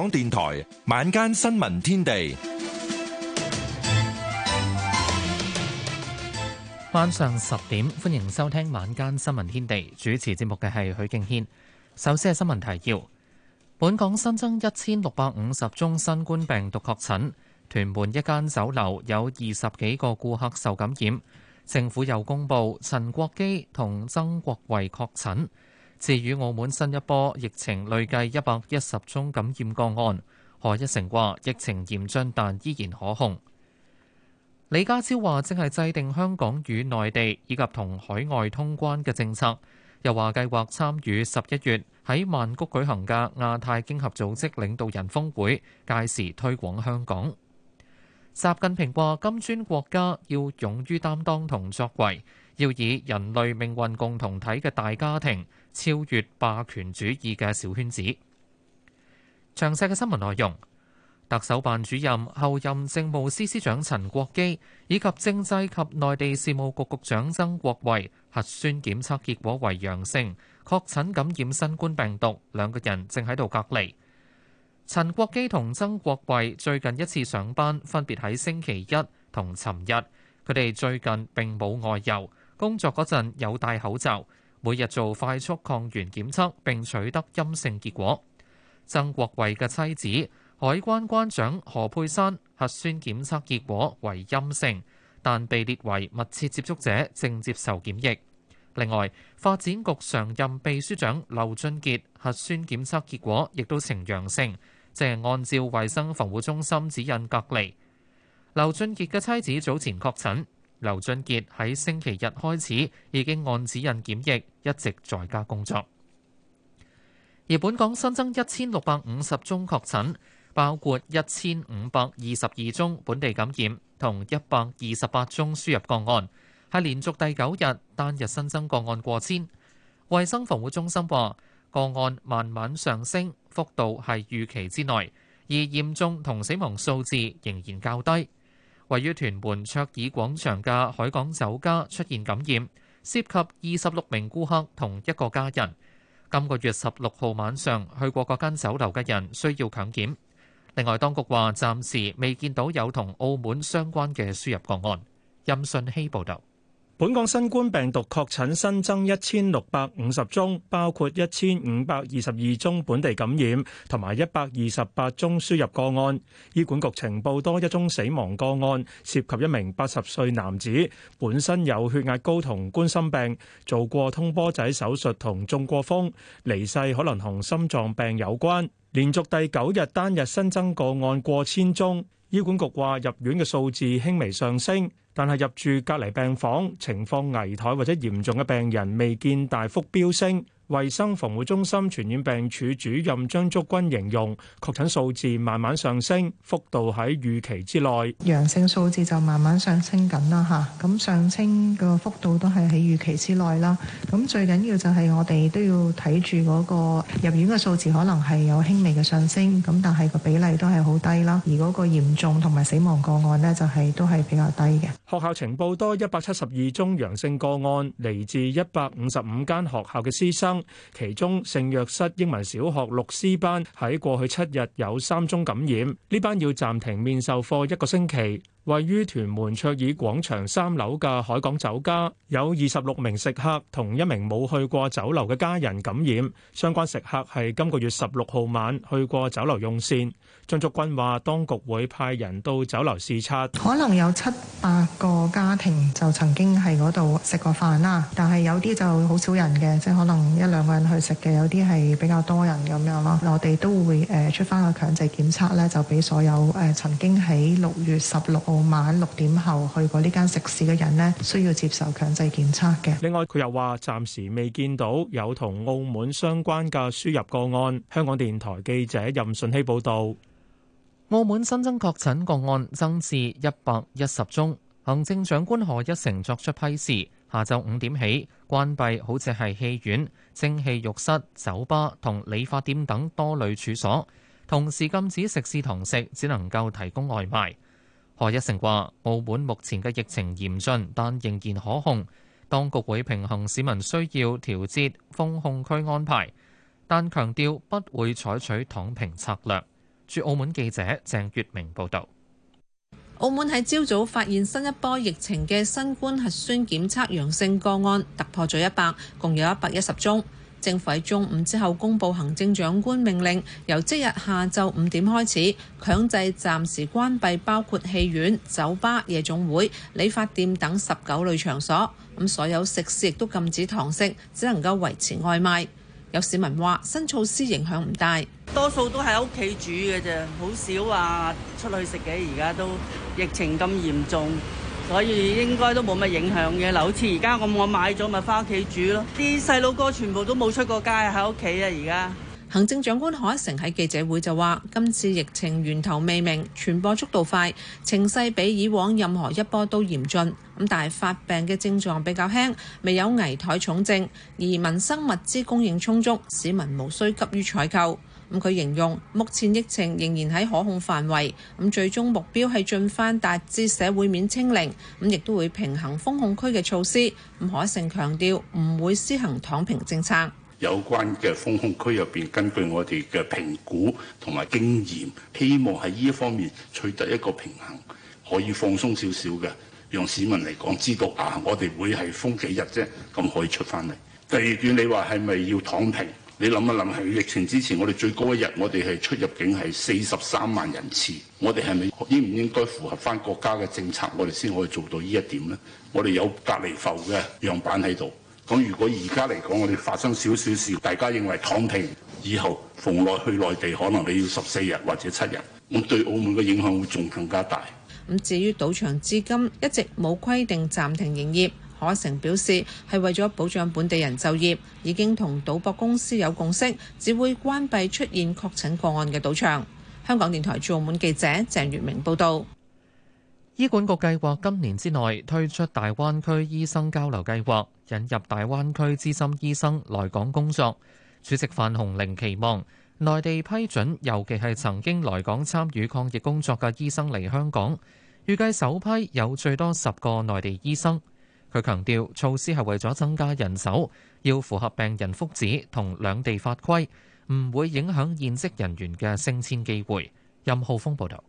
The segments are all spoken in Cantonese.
港電台晚間新聞天地，晚上十點歡迎收聽晚間新聞天地，主持節目嘅係許敬軒。首先係新聞提要：本港新增一千六百五十宗新冠病毒確診，屯門一間酒樓有二十幾個顧客受感染，政府又公布陳國基同曾國衛確診。至於澳門新一波疫情，累計一百一十宗感染個案。何一成話：疫情嚴峻，但依然可控。李家超話：正係制定香港與內地以及同海外通關嘅政策。又話計劃參與十一月喺曼谷舉行嘅亞太經合組織領導人峰會，屆時推廣香港。習近平話：金磚國家要勇於擔當同作為，要以人類命運共同體嘅大家庭，超越霸權主義嘅小圈子。詳細嘅新聞內容，特首辦主任、候任政務司司長陳國基以及政制及內地事務局局長曾國衛核酸檢測結果為陽性，確診感染新冠病毒，兩個人正喺度隔離。陳國基同曾國衛最近一次上班分別喺星期一同尋日，佢哋最近並冇外遊，工作嗰陣有戴口罩。每日做快速抗原檢測並取得陰性結果。曾國衛嘅妻子、海關關長何佩珊核酸檢測結果為陰性，但被列為密切接觸者，正接受檢疫。另外，發展局常任秘書長劉俊傑核酸檢測結果亦都呈陽性，正按照衛生防護中心指引隔離。劉俊傑嘅妻子早前確診。劉俊傑喺星期日開始已經按指引檢疫，一直在家工作。而本港新增一千六百五十宗確診，包括一千五百二十二宗本地感染，同一百二十八宗輸入個案，係連續第九日單日新增個案過千。衛生防護中心話，個案慢慢上升，幅度係預期之內，而嚴重同死亡數字仍然較低。位於屯門卓爾廣場嘅海港酒家出現感染，涉及二十六名顧客同一個家人。今個月十六號晚上去過嗰間酒樓嘅人需要強檢。另外，當局話暫時未見到有同澳門相關嘅輸入個案。任信希報道。本港新冠病毒確診新增一千六百五十宗，包括一千五百二十二宗本地感染同埋一百二十八宗輸入個案。醫管局呈報多一宗死亡個案，涉及一名八十歲男子，本身有血壓高同冠心病，做過通波仔手術同中過風，離世可能同心臟病有關。連續第九日單日新增個案過千宗，醫管局話入院嘅數字輕微上升，但係入住隔離病房、情況危殆或者嚴重嘅病人，未見大幅飆升。衛生防護中心傳染病處主任張竹君形容，確診數字慢慢上升，幅度喺預期之內。陽性數字就慢慢上升緊啦，吓，咁上升個幅度都係喺預期之內啦。咁最緊要就係我哋都要睇住嗰個入院嘅數字，可能係有輕微嘅上升，咁但係個比例都係好低啦。而嗰個嚴重同埋死亡個案呢，就係都係比較低嘅。學校情報多一百七十二宗陽性個案，嚟自一百五十五間學校嘅師生。155其中聖約瑟英文小學六 C 班喺過去七日有三宗感染，呢班要暫停面授課一個星期。位於屯門卓爾廣場三樓嘅海港酒家，有二十六名食客同一名冇去過酒樓嘅家人感染。相關食客係今個月十六號晚去過酒樓用膳。張竹君話：當局會派人到酒樓視察，可能有七八個家庭就曾經喺嗰度食過飯啦。但係有啲就好少人嘅，即係可能一兩個人去食嘅，有啲係比較多人咁樣咯。我哋都會誒出翻個強制檢測呢就俾所有誒、呃、曾經喺六月十六。傍晚六點後去過呢間食肆嘅人呢，需要接受強制檢測嘅。另外，佢又話暫時未見到有同澳門相關嘅輸入個案。香港電台記者任順希報導。澳門新增確診個案增至一百一十宗。行政長官賀一誠作出批示，下晝五點起關閉好似係戲院、蒸汽浴室、酒吧同理髮店等多類處所，同時禁止食肆堂食，只能夠提供外賣。何一成話，澳門目前嘅疫情嚴峻，但仍然可控，當局會平衡市民需要，調節封控區安排，但強調不會採取躺平策略。駐澳門記者鄭月明報導。澳門喺朝早發現新一波疫情嘅新冠核酸檢測陽性個案突破咗一百，共有一百一十宗。政府喺中午之後公佈行政長官命令，由即日下晝五點開始強制暫時關閉包括戲院、酒吧、夜總會、理髮店等十九類場所。咁所有食肆亦都禁止堂食，只能夠維持外賣。有市民話：新措施影響唔大，多數都喺屋企煮嘅啫，好少話出去食嘅。而家都疫情咁嚴重。所以應該都冇乜影響嘅嗱，好似而家咁，我買咗咪返屋企煮咯。啲細路哥全部都冇出過街，喺屋企啊！而家行政長官李家超喺記者會就話：今次疫情源頭未明，傳播速度快，情勢比以往任何一波都嚴峻。咁但係發病嘅症狀比較輕，未有危殆重症，而民生物資供應充足，市民無需急於採購。咁佢形容目前疫情仍然喺可控範圍，咁最終目標係進翻達至社會面清零，咁亦都會平衡封控區嘅措施。咁可曾強調唔會施行躺平政策。有關嘅封控區入邊，根據我哋嘅評估同埋經驗，希望喺呢一方面取得一個平衡，可以放鬆少少嘅，讓市民嚟講知道啊，我哋會係封幾日啫，咁可以出翻嚟。第二段你話，係咪要躺平？你諗一諗，係疫情之前，我哋最高一日，我哋係出入境係四十三萬人次。我哋係咪應唔應該符合翻國家嘅政策，我哋先可以做到呢一點呢？我哋有隔離浮嘅樣板喺度。咁如果而家嚟講，我哋發生少少事，大家認為躺平，以後逢內去內地，可能你要十四日或者七日，咁對澳門嘅影響會仲更加大。咁至於賭場至今一直冇規定暫停營業。海成表示，係為咗保障本地人就業，已經同賭博公司有共識，只會關閉出現確診個案嘅賭場。香港電台駐澳門記者鄭月明報道。醫管局計劃今年之內推出大灣區醫生交流計劃，引入大灣區資深醫生來港工作。主席范鴻齡期望內地批准，尤其係曾經來港參與抗疫工作嘅醫生嚟香港。預計首批有最多十個內地醫生。佢強調，措施係為咗增加人手，要符合病人福祉同兩地法規，唔會影響現職人員嘅升遷機會。任浩峰報導。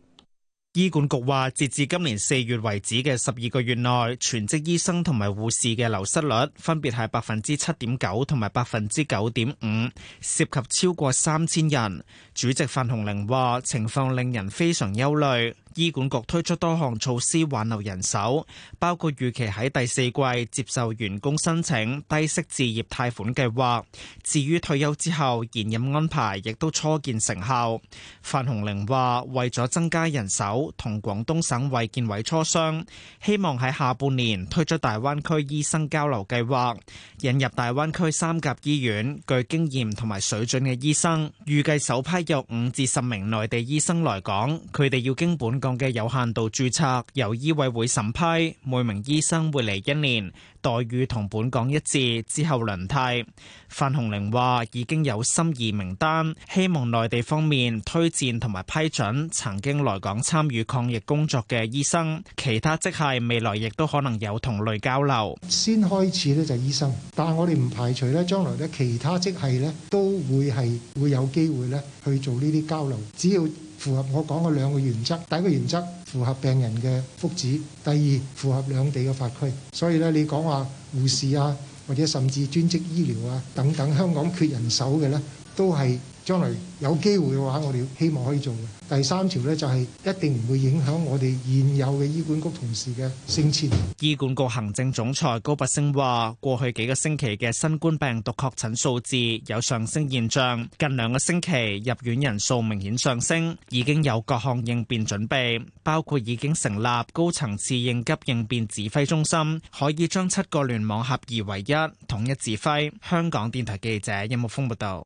醫管局話，截至今年四月為止嘅十二個月內，全職醫生同埋護士嘅流失率分別係百分之七點九同埋百分之九點五，涉及超過三千人。主席范鴻齡話，情況令人非常憂慮。醫管局推出多項措施挽留人手，包括預期喺第四季接受員工申請低息置業貸款計劃。至於退休之後延任安排，亦都初見成效。范鴻齡話：為咗增加人手，同廣東省衞健委磋商，希望喺下半年推出大灣區醫生交流計劃，引入大灣區三甲醫院具經驗同埋水準嘅醫生。預計首批有五至十名內地醫生來港，佢哋要經本港嘅有限度註冊由醫委會審批，每名醫生會嚟一年，待遇同本港一致，之後輪替。范鴻齡話已經有心儀名單，希望內地方面推薦同埋批准曾經來港參與抗疫工作嘅醫生。其他職系未來亦都可能有同類交流。先開始咧就醫生，但係我哋唔排除咧將來咧其他職系咧都會係會有機會咧去做呢啲交流，只要。符合我講嘅兩個原則。第一個原則，符合病人嘅福祉；第二符合兩地嘅法規。所以咧你講話護士啊，或者甚至專職醫療啊等等，香港缺人手嘅咧。都係將來有機會嘅話，我哋希望可以做嘅第三條呢，就係一定唔會影響我哋現有嘅醫管局同事嘅升遷。醫管局行政總裁高拔陞話，過去幾個星期嘅新冠病毒確診數字有上升現象，近兩個星期入院人數明顯上升，已經有各項應變準備，包括已經成立高層次應急應變指揮中心，可以將七個聯網合二為一統一指揮。香港電台記者任木峯報道。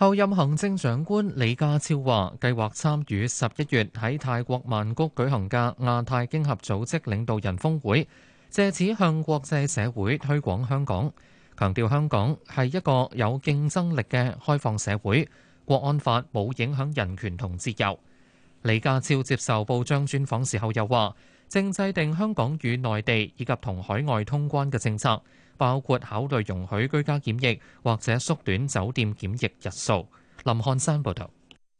候任行政長官李家超話：計劃參與十一月喺泰國曼谷舉行嘅亞太經合組織領導人峰會，借此向國際社會推廣香港，強調香港係一個有競爭力嘅開放社會，國安法冇影響人權同自由。李家超接受報章專訪時候又話。正制定香港與內地以及同海外通關嘅政策，包括考慮容許居家檢疫或者縮短酒店檢疫日數，林漢山報道。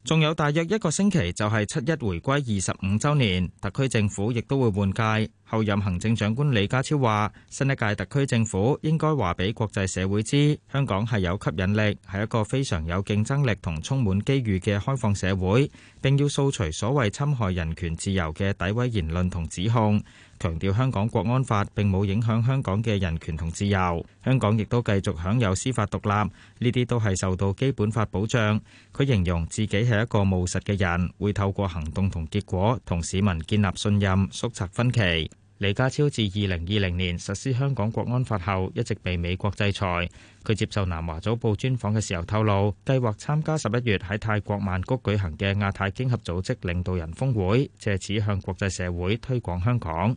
仲有大約一個星期就係七一回歸二十五周年，特區政府亦都會換屆。候任行政長官李家超話：新一屆特區政府應該話俾國際社會知，香港係有吸引力，係一個非常有競爭力同充滿機遇嘅開放社會，並要掃除所謂侵害人權自由嘅詆毀言論同指控。強調香港國安法並冇影響香港嘅人權同自由，香港亦都繼續享有司法獨立，呢啲都係受到基本法保障。佢形容自己係一個務實嘅人，會透過行動同結果同市民建立信任，縮窄分歧。李家超自二零二零年實施香港國安法後一直被美國制裁。佢接受南華早報專訪嘅時候透露，計劃參加十一月喺泰國曼谷舉行嘅亞太經合組織領導人峰會，借此向國際社會推廣香港。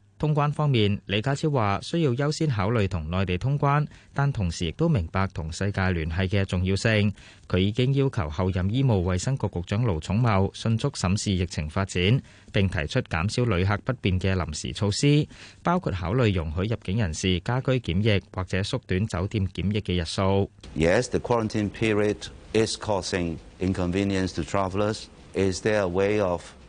通關方面，李家超話需要優先考慮同內地通關，但同時亦都明白同世界聯繫嘅重要性，佢已經要求後任醫務衛生局局長盧寵茂迅速審視疫情發展，並提出減少旅客不便嘅臨時措施，包括考慮容許入境人士家居檢疫或者縮短酒店檢疫嘅日數。Yes, the quarantine period is causing inconvenience to travellers. Is there a way of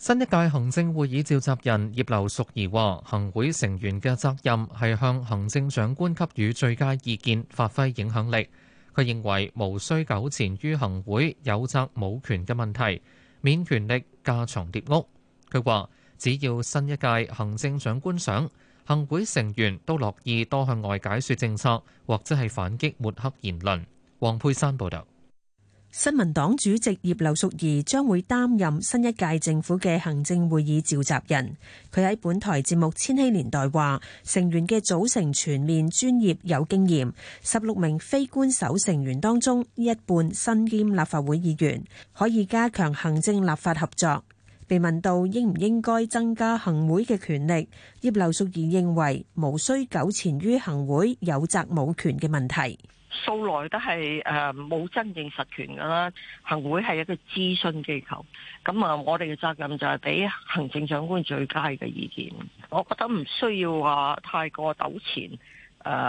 新一屆行政會議召集人葉劉淑儀話，行會成員嘅責任係向行政長官給予最佳意見，發揮影響力。佢認為無需糾纏於行會有責冇權嘅問題，免權力架床疊屋。佢話：只要新一屆行政長官想，行會成員都樂意多向外解說政策，或者係反擊抹黑言論。黃佩珊報導。新民黨主席葉劉淑儀將會擔任新一屆政府嘅行政會議召集人。佢喺本台節目《千禧年代》話，成員嘅組成全面專業有經驗。十六名非官守成員當中，一半身兼立法會議員，可以加強行政立法合作。被問到應唔應該增加行會嘅權力，葉劉淑儀認為無需糾纏於行會有責冇權嘅問題。素來都係誒冇真正實權噶啦，行會係一個諮詢機構，咁啊我哋嘅責任就係俾行政長官最佳嘅意見。我覺得唔需要話、啊、太過糾纏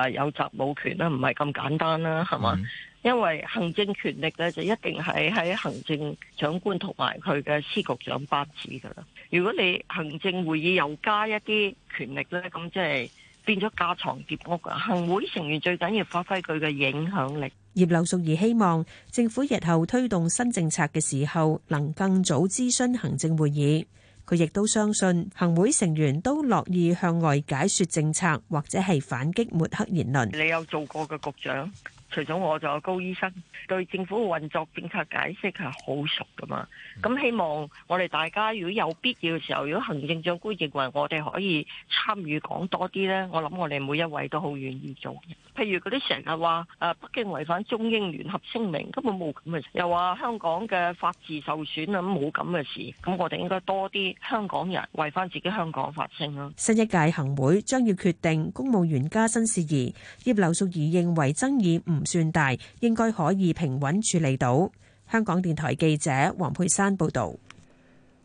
誒有責冇權啦，唔係咁簡單啦，係嘛？嗯、因為行政權力咧就一定係喺行政長官同埋佢嘅司局長班子噶啦。如果你行政會議又加一啲權力咧，咁即係。變咗架床疊屋啊！行會成員最緊要發揮佢嘅影響力。葉劉淑儀希望政府日後推動新政策嘅時候，能更早諮詢行政會議。佢亦都相信行會成員都樂意向外解說政策，或者係反擊抹黑言論。你有做過嘅局長？除咗我仲有高醫生，對政府運作政策解釋係好熟噶嘛，咁希望我哋大家如果有必要嘅時候，如果行政長官認為我哋可以參與講多啲呢，我諗我哋每一位都好願意做。譬如嗰啲成日話誒北京違反中英聯合聲明，根本冇咁嘅事，又話香港嘅法治受損啊，冇咁嘅事。咁我哋應該多啲香港人為翻自己香港發聲咯。新一屆行會將要決定公務員加薪事宜，葉劉淑儀認為爭議唔唔算大，應該可以平穩處理到。香港電台記者黃佩珊報道。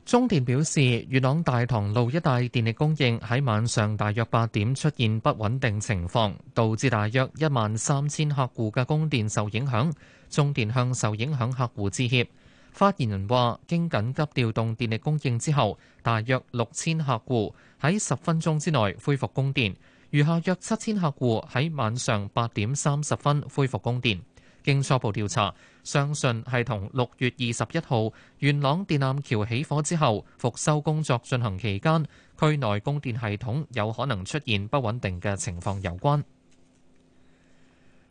中電表示，元朗大棠路一帶電力供應喺晚上大約八點出現不穩定情況，導致大約一萬三千客戶嘅供電受影響，中電向受影響客戶致歉。發言人話，經緊急調動電力供應之後，大約六千客戶喺十分鐘之內恢復供電。餘下約七千客戶喺晚上八點三十分恢復供電。經初步調查，相信係同六月二十一號元朗電纜橋起火之後復修工作進行期間，區內供電系統有可能出現不穩定嘅情況有關。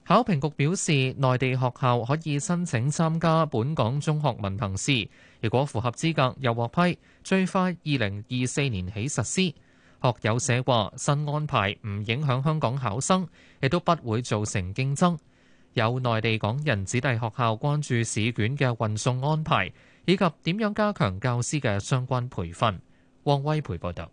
考評局表示，內地學校可以申請參加本港中學文憑試，如果符合資格又獲批，最快二零二四年起實施。學有寫過：新安排唔影響香港考生，亦都不會造成競爭。有內地港人子弟學校關注試卷嘅運送安排，以及點樣加強教師嘅相關培訓。王威培報道。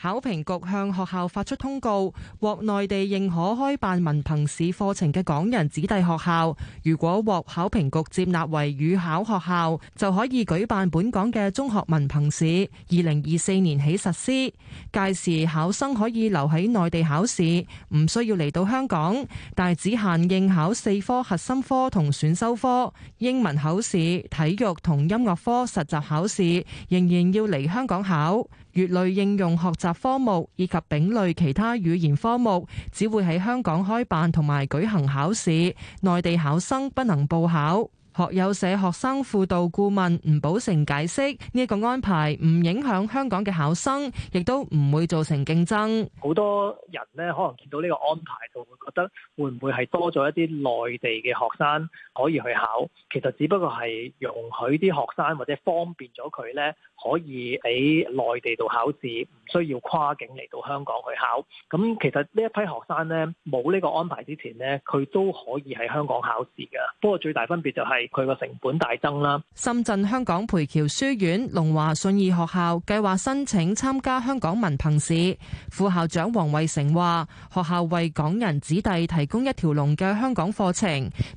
考評局向學校發出通告，獲內地認可開辦文憑試課程嘅港人子弟學校，如果獲考評局接納為與考學校，就可以舉辦本港嘅中學文憑試。二零二四年起實施，屆時考生可以留喺內地考試，唔需要嚟到香港，但只限應考四科核心科同選修科，英文考試、體育同音樂科實習考試仍然要嚟香港考。乙類應用學習科目以及丙類其他語言科目，只會喺香港開辦同埋舉行考試，內地考生不能報考。學友社學生輔導顧問吳寶成解釋呢個安排唔影響香港嘅考生，亦都唔會造成競爭。好多人呢，可能見到呢個安排就會覺得會唔會係多咗一啲內地嘅學生可以去考？其實只不過係容許啲學生或者方便咗佢呢，可以喺內地度考試。需要跨境嚟到香港去考，咁其實呢一批學生咧，冇呢個安排之前咧，佢都可以喺香港考試噶，不過最大分別就係佢個成本大增啦。深圳香港培僑書院龍華信義學校計劃申請參加香港文憑試，副校長黃慧成話，學校為港人子弟提供一條龍嘅香港課程。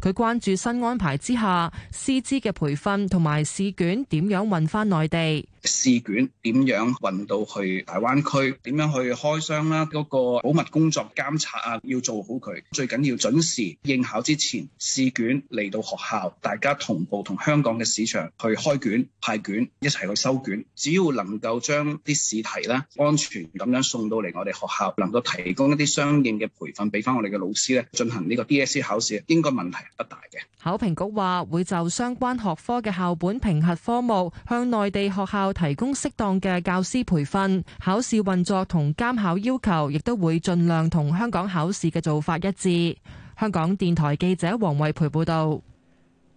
佢關注新安排之下，師資嘅培訓同埋試卷點樣運翻內地試卷點樣運到去大灣區？點樣去開箱啦？嗰個保密工作監察啊，要做好佢。最緊要準時應考之前，試卷嚟到學校，大家同步同香港嘅市場去開卷、派卷，一齊去收卷。只要能夠將啲試題啦安全咁樣送到嚟我哋學校，能夠提供一啲相應嘅培訓俾翻我哋嘅老師咧，進行呢個 DSE 考試，應該問題不大嘅。考評局話會就相關學科嘅校本評核科目向內地學校。提供適當嘅教師培訓、考試運作同監考要求，亦都會盡量同香港考試嘅做法一致。香港電台記者黃惠培報導。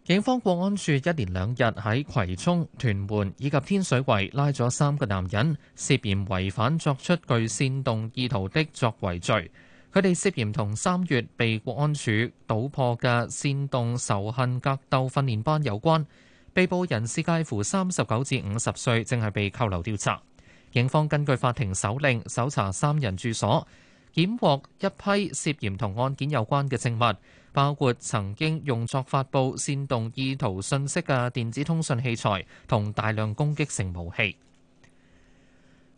警方國安處一連兩日喺葵涌、屯門以及天水圍拉咗三個男人，涉嫌違反作出具煽動意圖的作為罪。佢哋涉嫌同三月被國安處搗破嘅煽動仇恨格鬥訓練班有關。被捕人士介乎三十九至五十歲，正係被扣留調查。警方根據法庭手令搜查三人住所，檢獲一批涉嫌同案件有關嘅證物，包括曾經用作發佈煽動意圖信息嘅電子通訊器材同大量攻擊性武器。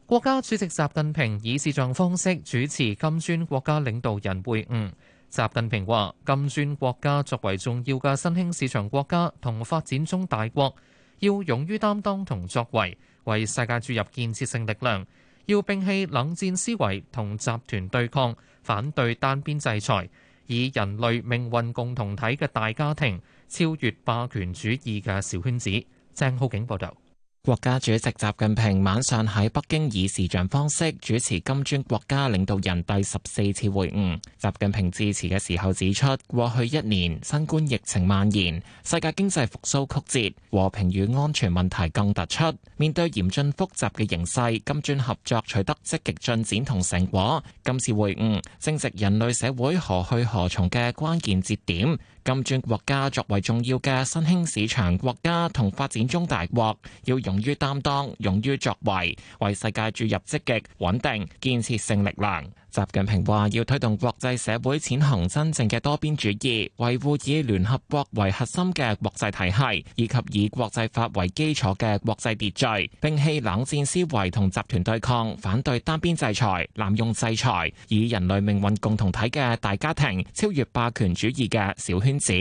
國家主席習近平以視像方式主持金磚國家領導人會晤。習近平話：金磚國家作為重要嘅新興市場國家同發展中大國，要勇於擔當同作為，為世界注入建設性力量；要摒棄冷戰思維同集團對抗，反對單邊制裁，以人類命運共同體嘅大家庭超越霸權主義嘅小圈子。鄭浩景報導。國家主席習近平晚上喺北京以視像方式主持金磚國家領導人第十四次會晤。習近平致辭嘅時候指出，過去一年，新冠疫情蔓延，世界經濟復甦曲折，和平與安全問題更突出。面對嚴峻複雜嘅形勢，金磚合作取得積極進展同成果。今次會晤正值人類社會何去何從嘅關鍵節點。金磚國家作為重要嘅新興市場國家同發展中大國，要勇於擔當、勇於作為，為世界注入積極、穩定、建設性力量。習近平話要推動國際社會踐行真正嘅多邊主義，維護以聯合國為核心嘅國際體系，以及以國際法為基礎嘅國際秩序，摒棄冷戰思維同集團對抗，反對單邊制裁、濫用制裁，以人類命運共同體嘅大家庭超越霸權主義嘅小圈子，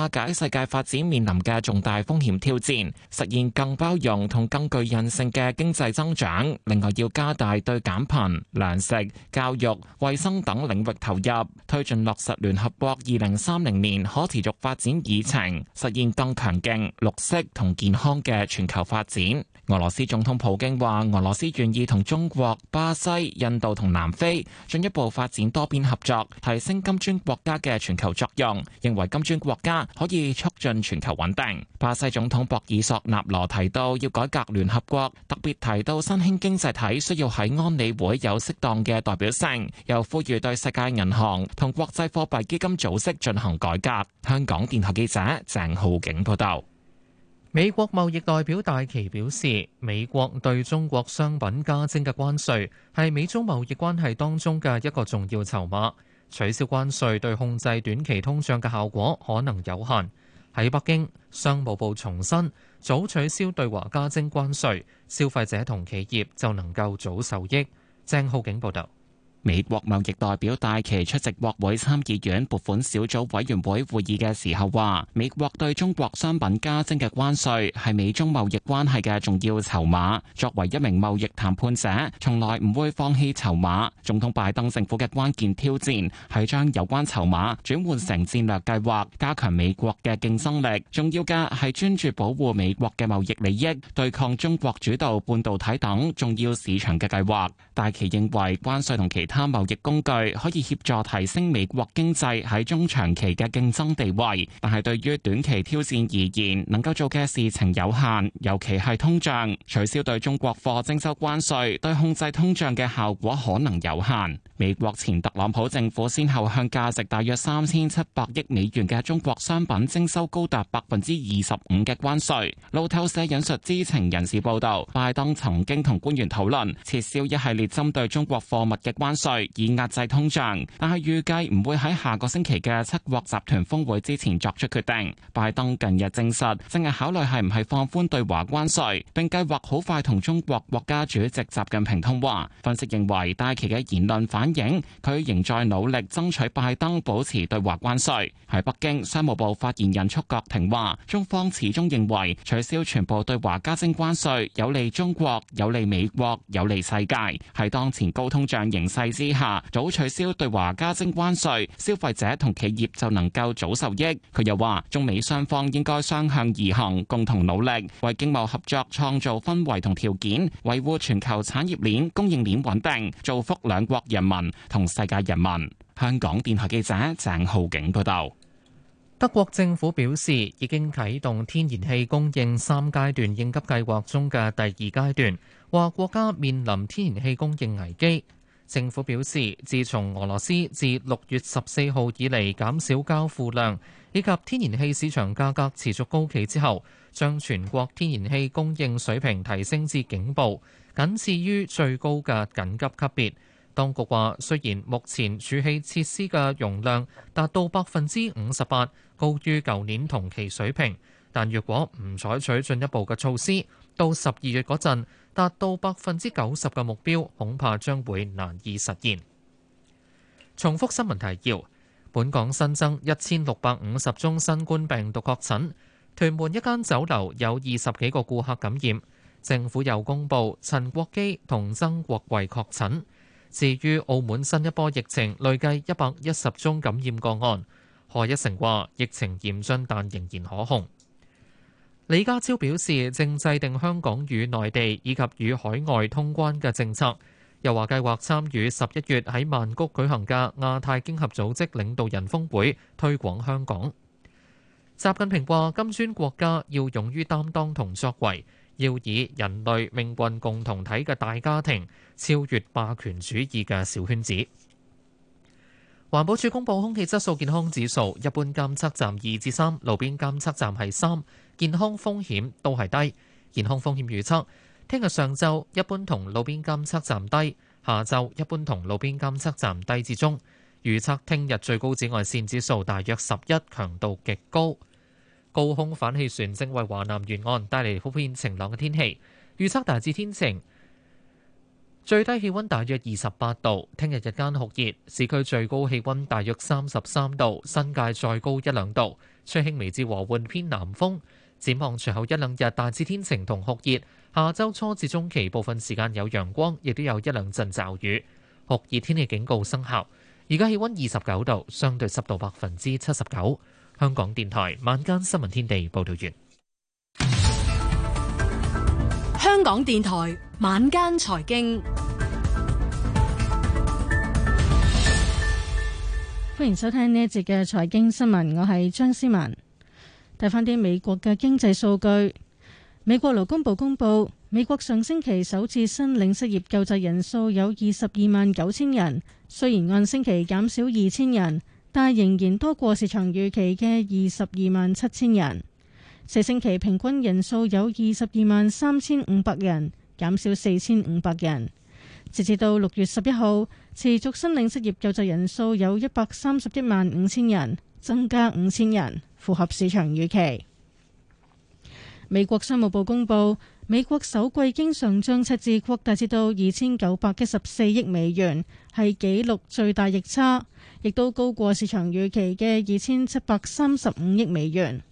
化解世界發展面臨嘅重大風險挑戰，實現更包容同更具韌性嘅經濟增長，另外，要加大對減貧、糧食、教育、衛生等領域投入，推進落實聯合國二零三零年可持續發展議程，實現更強勁綠色同健康嘅全球發展。俄羅斯總統普京話俄羅斯願意同中國、巴西、印度同南非進一步發展多邊合作，提升金磚國家嘅全球作用。認為金磚國家，可以促進全球穩定。巴西總統博爾索納羅提到要改革聯合國，特別提到新興經濟體需要喺安理會有適當嘅代表性，又呼籲對世界銀行同國際貨幣基金組織進行改革。香港電台記者鄭浩景報道。美國貿易代表戴琪表示，美國對中國商品加徵嘅關稅係美中貿易關係當中嘅一個重要籌碼。取消關稅對控制短期通脹嘅效果可能有限。喺北京，商務部重申，早取消對華加徵關稅，消費者同企業就能夠早受益。鄭浩景報道。美國貿易代表戴奇出席國會參議院撥款小組委員會會議嘅時候話，美國對中國商品加徵嘅關稅係美中貿易關係嘅重要籌碼。作為一名貿易談判者，從來唔會放棄籌碼。總統拜登政府嘅關鍵挑戰係將有關籌碼轉換成戰略計劃，加強美國嘅競爭力。重要嘅係專注保護美國嘅貿易利益，對抗中國主導半導體等重要市場嘅計劃。戴奇認為關稅同其貿易工具可以協助提升美國經濟喺中長期嘅競爭地位，但係對於短期挑戰而言，能夠做嘅事情有限，尤其係通脹。取消對中國貨徵收關稅，對控制通脹嘅效果可能有限。美國前特朗普政府先後向價值大約三千七百億美元嘅中國商品徵收高達百分之二十五嘅關稅。路透社引述知情人士報道，拜登曾經同官員討論撤銷一系列針對中國貨物嘅關稅。稅以壓制通脹，但係預計唔會喺下個星期嘅七國集團峯會之前作出決定。拜登近日證實正係考慮係唔係放寬對華關稅，並計劃好快同中國國家主席習近平通話。分析認為，戴琪嘅言論反映佢仍在努力爭取拜登保持對華關稅。喺北京，商務部發言人束珏婷話：中方始終認為取消全部對華加徵關稅有利中國、有利美國、有利世界。喺當前高通脹形勢，之下早取消對華加徵關稅，消費者同企業就能夠早受益。佢又話，中美雙方應該雙向而行，共同努力為經貿合作創造氛圍同條件，維護全球產業鏈供應鏈穩定，造福兩國人民同世界人民。香港電台記者鄭浩景報道。德國政府表示，已經啟動天然氣供應三階段應急計劃中嘅第二階段，話國家面臨天然氣供應危機。政府表示，自從俄羅斯自六月十四號以嚟減少交付量，以及天然氣市場價格持續高企之後，將全國天然氣供應水平提升至警報，僅次於最高嘅緊急級別，當局話，雖然目前儲氣設施嘅容量達到百分之五十八，高於舊年同期水平，但若果唔採取進一步嘅措施，到十二月嗰陣，達到百分之九十嘅目標，恐怕將會難以實現。重複新聞提要：本港新增一千六百五十宗新冠病毒確診，屯門一間酒樓有二十幾個顧客感染。政府又公佈陳國基同曾國衛確診。至於澳門新一波疫情，累計一百一十宗感染個案。何一成話：疫情嚴峻，但仍然可控。李家超表示，正制定香港與內地以及與海外通關嘅政策。又話計劃參與十一月喺曼谷舉行嘅亞太經合組織領導人峰會，推廣香港。習近平話，金磚國家要勇於擔當同作為，要以人類命運共同體嘅大家庭，超越霸權主義嘅小圈子。環保署公佈空氣質素健康指數，一般監測站二至三，路邊監測站係三。健康風險都係低。健康風險預測：聽日上晝一般同路邊監測站低，下晝一般同路邊監測站低至中。預測聽日最高紫外線指數大約十一，強度極高。高空反氣旋正為華南沿岸帶嚟普遍晴朗嘅天氣，預測大致天晴。最低氣溫大約二十八度，聽日日間酷熱，市區最高氣溫大約三十三度，新界再高一兩度。吹輕微至和緩偏南風。展望隨後一兩日，大致天晴同酷熱。下周初至中期部分時間有陽光，亦都有一兩陣驟雨。酷熱天氣警告生效。而家氣溫二十九度，相對濕度百分之七十九。香港電台晚間新聞天地報道完。香港電台晚間財經，歡迎收聽呢一節嘅財經新聞，我係張思文。睇翻啲美國嘅經濟數據，美國勞工部公佈美國上星期首次申領失業救濟人數有二十二萬九千人，雖然按星期減少二千人，但仍然多過市場預期嘅二十二萬七千人。四星期平均人數有二十二萬三千五百人，減少四千五百人。直至到六月十一號，持續申領失業救濟人數有一百三十一萬五千人，增加五千人。符合市場預期。美國商務部公佈，美國首季經常帳赤字擴大至到二千九百一十四億美元，係紀錄最大逆差，亦都高過市場預期嘅二千七百三十五億美元。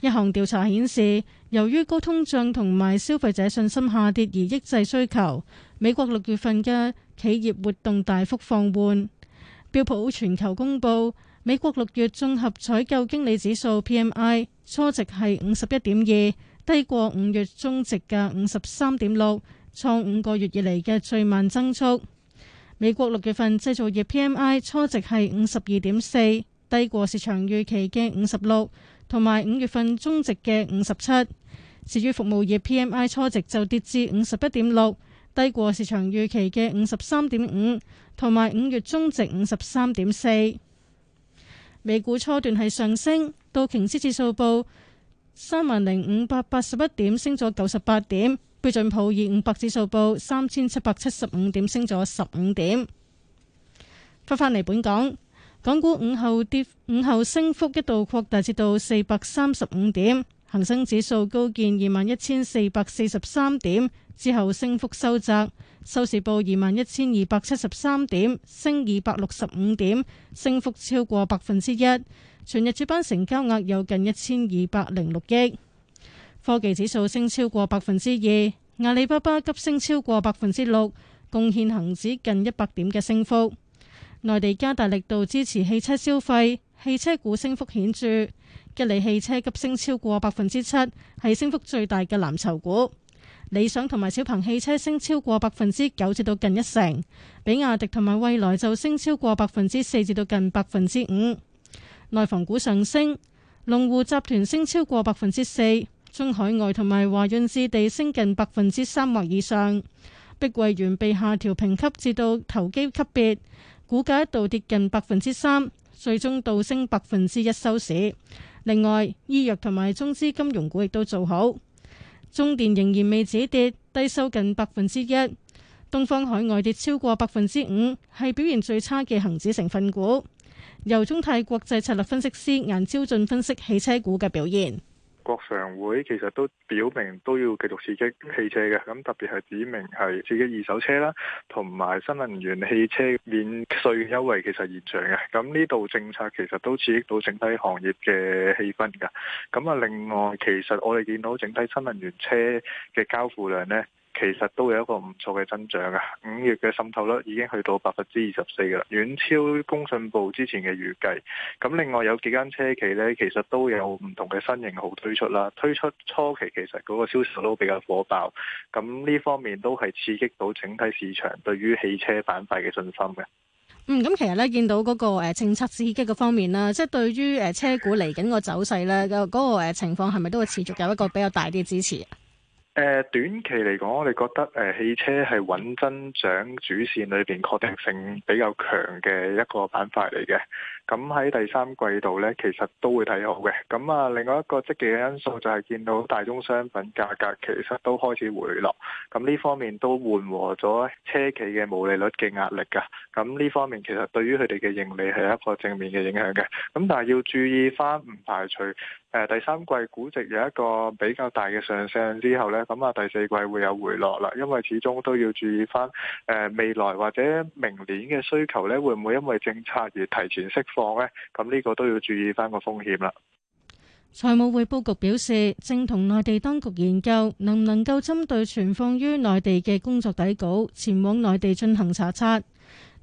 一項調查顯示，由於高通脹同埋消費者信心下跌而抑制需求，美國六月份嘅企業活動大幅放緩。標普全球公佈。美國六月綜合採購經理指數 P.M.I 初值係五十一點二，低過五月終值嘅五十三點六，創五個月以嚟嘅最慢增速。美國六月份製造業 P.M.I 初值係五十二點四，低過市場預期嘅五十六，同埋五月份終值嘅五十七。至於服務業 P.M.I 初值就跌至五十一點六，低過市場預期嘅五十三點五，同埋五月終值五十三點四。美股初段係上升，道瓊斯指數報三萬零五百八十一點，點升咗九十八點；標準普爾五百指數報三千七百七十五點，升咗十五點。翻返嚟，本港港股午後跌，午後升幅一度擴大至到四百三十五點，恒生指數高見二萬一千四百四十三點之後升幅收窄。收市報二萬一千二百七十三點，升二百六十五點，升幅超過百分之一。全日主板成交額有近一千二百零六億。科技指數升超過百分之二，阿里巴巴急升超過百分之六，貢獻恒指近一百點嘅升幅。內地加大力度支持汽車消費，汽車股升幅顯著。吉利汽車急升超過百分之七，係升幅最大嘅藍籌股。理想同埋小鵬汽車升超過百分之九，至到近一成，比亞迪同埋蔚來就升超過百分之四，至到近百分之五。內房股上升，龍湖集團升超過百分之四，中海外同埋華潤置地升近百分之三或以上。碧桂園被下調評級至到投機級別，股價一度跌近百分之三，最終度升百分之一收市。另外，醫藥同埋中資金融股亦都做好。中電仍然未止跌，低收近百分之一。東方海外跌超過百分之五，係表現最差嘅恒指成分股。由中泰國際策略分析師顏招駿分析汽車股嘅表現。國常會其實都表明都要繼續刺激汽車嘅，咁特別係指明係刺激二手車啦，同埋新能源汽車免稅優惠其實延長嘅，咁呢度政策其實都刺激到整體行業嘅氣氛噶。咁啊，另外其實我哋見到整體新能源車嘅交付量呢。其實都有一個唔錯嘅增長㗎。五月嘅滲透率已經去到百分之二十四啦，遠超工信部之前嘅預計。咁另外有幾間車企呢，其實都有唔同嘅新型號推出啦。推出初期其實嗰個銷售都比較火爆，咁呢方面都係刺激到整體市場對於汽車板塊嘅信心嘅。嗯，咁其實呢，見到嗰個誒政策刺激嘅方面啦，即係對於誒車股嚟緊個走勢呢，嗰、嗰個誒情況係咪都會持續有一個比較大啲嘅支持？誒、呃，短期嚟講，我哋覺得誒、呃，汽車係穩增長主線裏邊確定性比較強嘅一個板塊嚟嘅。咁喺第三季度呢，其實都會睇好嘅。咁啊，另外一個積極嘅因素就係見到大宗商品價格其實都開始回落，咁呢方面都緩和咗車企嘅毛利率嘅壓力㗎。咁呢方面其實對於佢哋嘅盈利係一個正面嘅影響嘅。咁但係要注意翻，唔排除誒、呃、第三季估值有一個比較大嘅上升之後呢，咁啊第四季會有回落啦。因為始終都要注意翻誒未來或者明年嘅需求呢，會唔會因為政策而提前釋放？咁呢個都要注意翻個風險啦。財務匯報局表示，正同內地當局研究，能唔能夠針對存放於內地嘅工作底稿，前往內地進行查冊。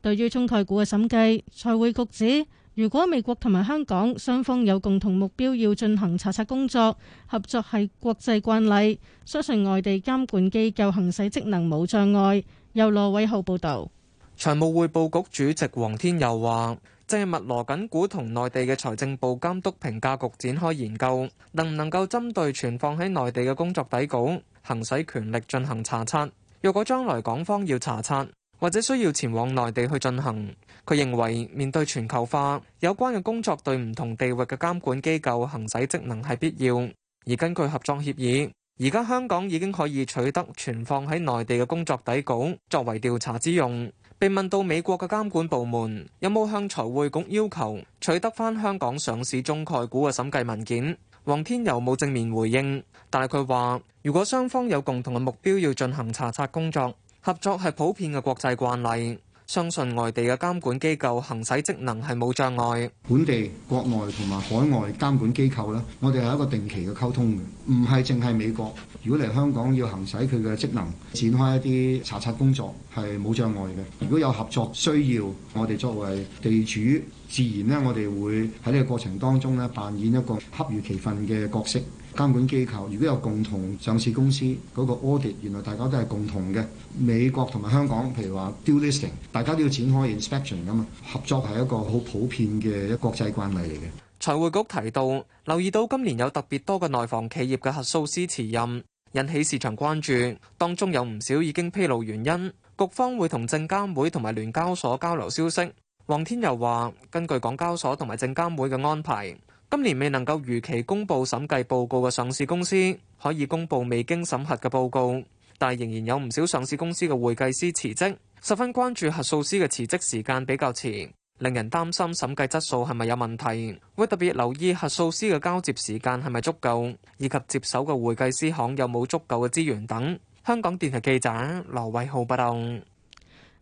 對於中概股嘅審計，財會局指如果美國同埋香港雙方有共同目標，要進行查冊工作，合作係國際慣例，相信外地監管機構行使職能冇障礙。由羅偉浩報道。財務匯報局主席黃天佑話。即係密鑼緊鼓同內地嘅財政部監督評價局展開研究，能唔能夠針對存放喺內地嘅工作底稿行使權力進行查測。若果將來港方要查測或者需要前往內地去進行，佢認為面對全球化，有關嘅工作對唔同地域嘅監管機構行使職能係必要。而根據合作協議，而家香港已經可以取得存放喺內地嘅工作底稿作為調查之用。被問到美國嘅監管部門有冇向財匯局要求取得返香港上市中概股嘅審計文件，黃天佑冇正面回應，但係佢話：如果雙方有共同嘅目標，要進行查冊工作，合作係普遍嘅國際慣例。相信外地嘅監管機構行使職能係冇障礙，本地、國內同埋海外監管機構咧，我哋係一個定期嘅溝通嘅，唔係淨係美國，如果嚟香港要行使佢嘅職能，展開一啲查察工作係冇障礙嘅。如果有合作需要，我哋作為地主，自然咧我哋會喺呢個過程當中咧扮演一個恰如其分嘅角色。監管機構如果有共同上市公司嗰個 audit 原來大家都係共同嘅。美國同埋香港，譬如話 delisting，大家都要展開 inspection 噶嘛。合作係一個好普遍嘅一國際慣例嚟嘅。財匯局提到，留意到今年有特別多嘅內房企業嘅核數師辭任，引起市場關注。當中有唔少已經披露原因，局方會同證監會同埋聯交所交流消息。黃天佑話：根據港交所同埋證監會嘅安排，今年未能夠如期公佈審計報告嘅上市公司可以公佈未經審核嘅報告，但仍然有唔少上市公司嘅會計師辭職，十分關注核數師嘅辭職時間比較遲，令人擔心審計質素係咪有問題，會特別留意核數師嘅交接時間係咪足夠，以及接手嘅會計師行有冇足夠嘅資源等。香港電台記者羅偉浩報道。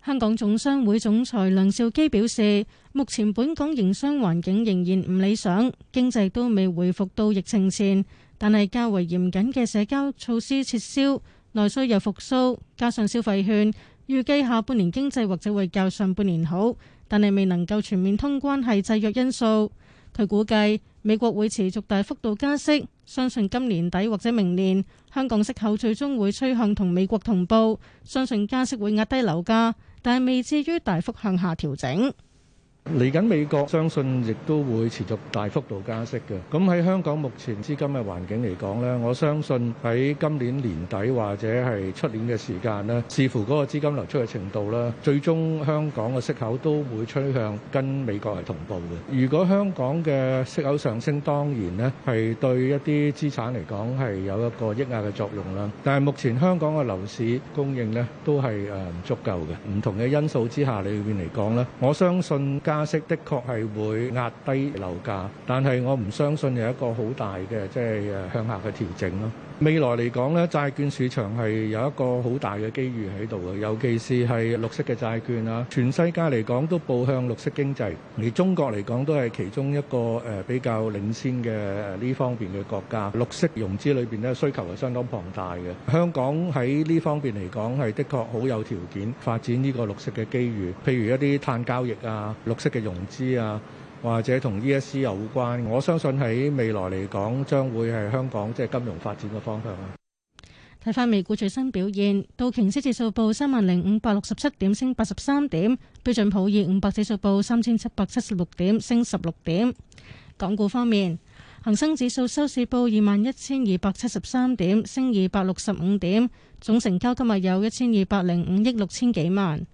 香港總商會總裁梁兆基表示，目前本港營商環境仍然唔理想，經濟都未回復到疫情前。但係，較為嚴謹嘅社交措施撤銷，內需又復甦，加上消費券，預計下半年經濟或者會較上半年好。但係，未能夠全面通關係制約因素。佢估計美國會持續大幅度加息，相信今年底或者明年香港息口最終會趨向同美國同步。相信加息會壓低樓價。但係未至於大幅向下調整。嚟緊美國，相信亦都會持續大幅度加息嘅。咁喺香港目前資金嘅環境嚟講呢，我相信喺今年年底或者係出年嘅時間呢，視乎嗰個資金流出嘅程度呢，最終香港嘅息口都會趨向跟美國係同步嘅。如果香港嘅息口上升，當然呢係對一啲資產嚟講係有一個抑壓嘅作用啦。但係目前香港嘅樓市供應呢都係誒唔足夠嘅。唔同嘅因素之下裏面嚟講呢，我相信加。加息的確係會壓低樓價，但係我唔相信有一個好大嘅即係誒向下嘅調整咯。未來嚟講咧，債券市場係有一個好大嘅機遇喺度嘅，尤其是係綠色嘅債券啊。全世界嚟講都步向綠色經濟，而中國嚟講都係其中一個誒比較領先嘅呢方面嘅國家。綠色融資裏邊咧，需求係相當龐大嘅。香港喺呢方面嚟講係的確好有條件發展呢個綠色嘅機遇，譬如一啲碳交易啊、綠色嘅融資啊。或者同 E.S.C 有關，我相信喺未來嚟講，將會係香港即係、就是、金融發展嘅方向。睇翻美股最新表現，道瓊斯指數報三萬零五百六十七點，升八十三點；標準普爾五百指數報三千七百七十六點，升十六點。港股方面，恒生指數收市報二萬一千二百七十三點，升二百六十五點。總成交今日有一千二百零五億六千幾萬。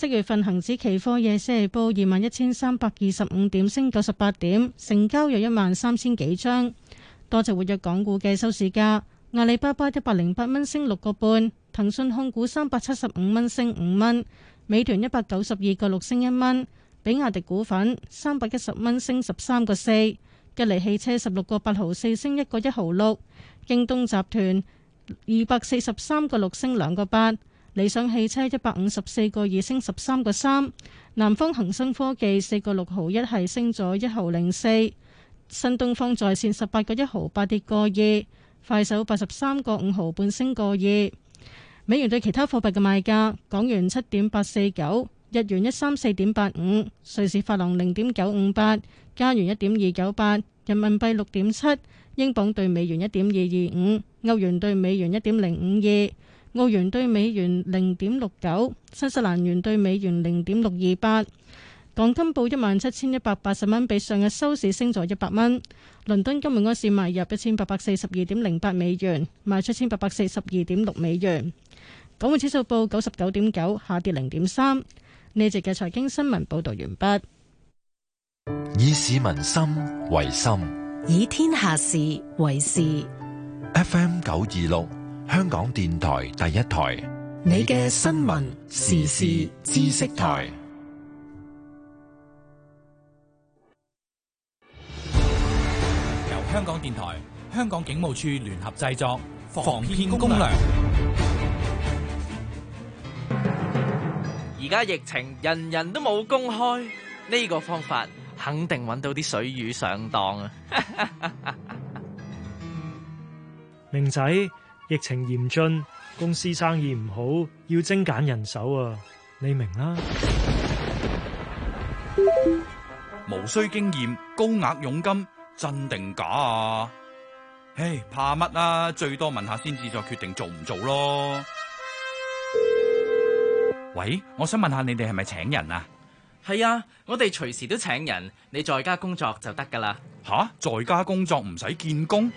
即月份恆指期貨夜市報二萬一千三百二十五點，升九十八點，成交有一萬三千幾張。多隻活躍港股嘅收市價：阿里巴巴一百零八蚊升六個半，騰訊控股三百七十五蚊升五蚊，美團一百九十二個六升一蚊，比亞迪股份三百一十蚊升十三個四，吉利汽車十六個八毫四升一個一毫六，京東集團二百四十三個六升兩個八。理想汽車一百五十四個二升十三個三，南方恆生科技四個六毫一，係升咗一毫零四，新東方在線十八個一毫八跌個二，快手八十三個五毫半升個二。美元對其他貨幣嘅賣價：港元七點八四九，日元一三四點八五，瑞士法郎零點九五八，加元一點二九八，人民幣六點七，英鎊兌美元一點二二五，歐元兌美元一點零五二。澳元兌美元零點六九，新西蘭元兌美元零點六二八，港金報一萬七千一百八十蚊，比上日收市升咗一百蚊。倫敦金每盎司買入一千八百四十二點零八美元，賣出一千八百四十二點六美元。港匯指數報九十九點九，下跌零點三。呢節嘅財經新聞報道完畢。以市民心為心，以天下事為事。F.M. 九二六。香港電台第一台，你嘅新聞時事知識台，由香港電台、香港警務處聯合製作。防騙攻略：而家疫情，人人都冇公開呢個方法，肯定揾到啲水魚上當啊！明仔。疫情嚴峻，公司生意唔好，要精簡人手啊！你明啦，啊？無需經驗，高額佣金，真定假啊？唉，怕乜啊？最多問下先至再決定做唔做咯。喂，我想問下你哋係咪請人啊？係啊，我哋隨時都請人，你在家工作就得噶啦。吓，啊，在家工作唔使見工？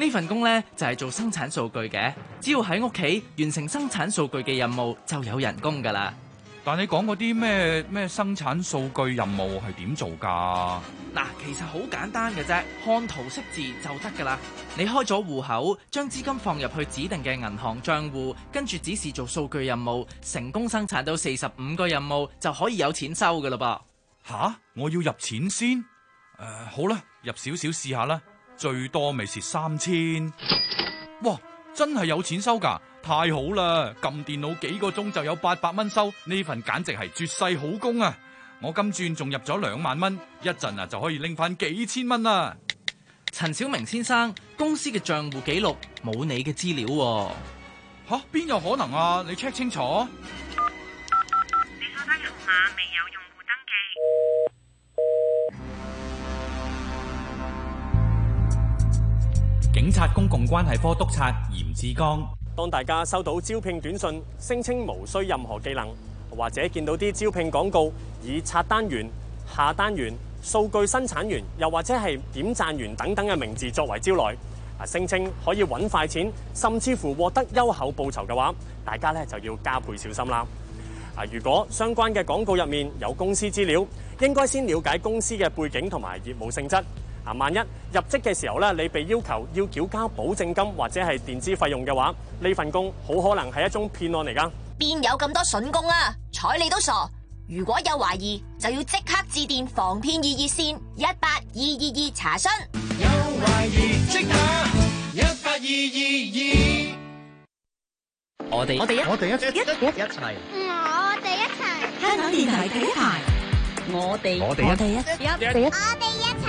呢份工呢，就係做生產數據嘅，只要喺屋企完成生產數據嘅任務就有人工噶啦。但你講嗰啲咩咩生產數據任務係點做噶？嗱，其實好簡單嘅啫，看圖識字就得噶啦。你開咗戶口，將資金放入去指定嘅銀行賬戶，跟住指示做數據任務，成功生產到四十五個任務就可以有錢收噶啦噃。吓，我要入錢先？誒，好啦，入少少試下啦。最多未蝕三千，哇！真係有錢收噶，太好啦！撳電腦幾個鐘就有八百蚊收，呢份簡直係絕世好工啊！我今轉仲入咗兩萬蚊，一陣啊就可以拎翻幾千蚊啦！陳小明先生，公司嘅賬戶記錄冇你嘅資料，啊，吓？邊、啊、有可能啊？你 check 清楚。你未有用。警察公共關係科督察嚴志剛，當大家收到招聘短信，聲稱無需任何技能，或者見到啲招聘廣告，以刷單員、下單員、數據生產員，又或者係點讚員等等嘅名字作為招來，啊，聲稱可以搵快錢，甚至乎獲得優厚報酬嘅話，大家咧就要加倍小心啦。啊，如果相關嘅廣告入面有公司資料，應該先了解公司嘅背景同埋業務性質。嗱，萬一入職嘅時候咧，你被要求要繳交保證金或者係墊資費用嘅話，呢份工好可能係一種騙案嚟噶。邊有咁多笋工啊？睬你都傻！如果有懷疑，就要即刻致電防騙易熱線一八二二二查詢。有懷疑即刻一八二二二。我哋我哋一我哋一我哋一齊。我哋一齊。兄弟一齊。我哋我哋一我哋一我哋一齊。.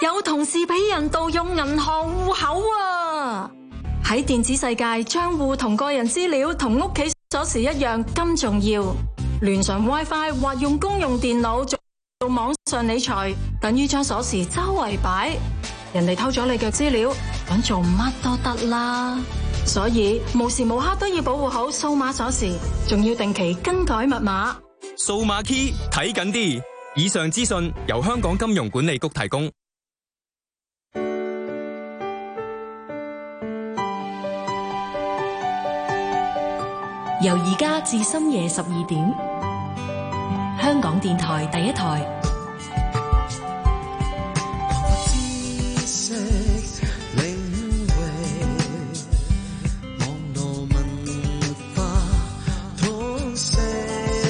有同事俾人盜用銀行戶口啊！喺電子世界，帳戶同個人資料同屋企鎖匙一樣，咁重要！聯上 WiFi，或用公用電腦，做網上理財，等於將鎖匙周圍擺。人哋偷咗你嘅資料，噉做乜都得啦！所以，由而家至深夜十二點，香港電台第一台。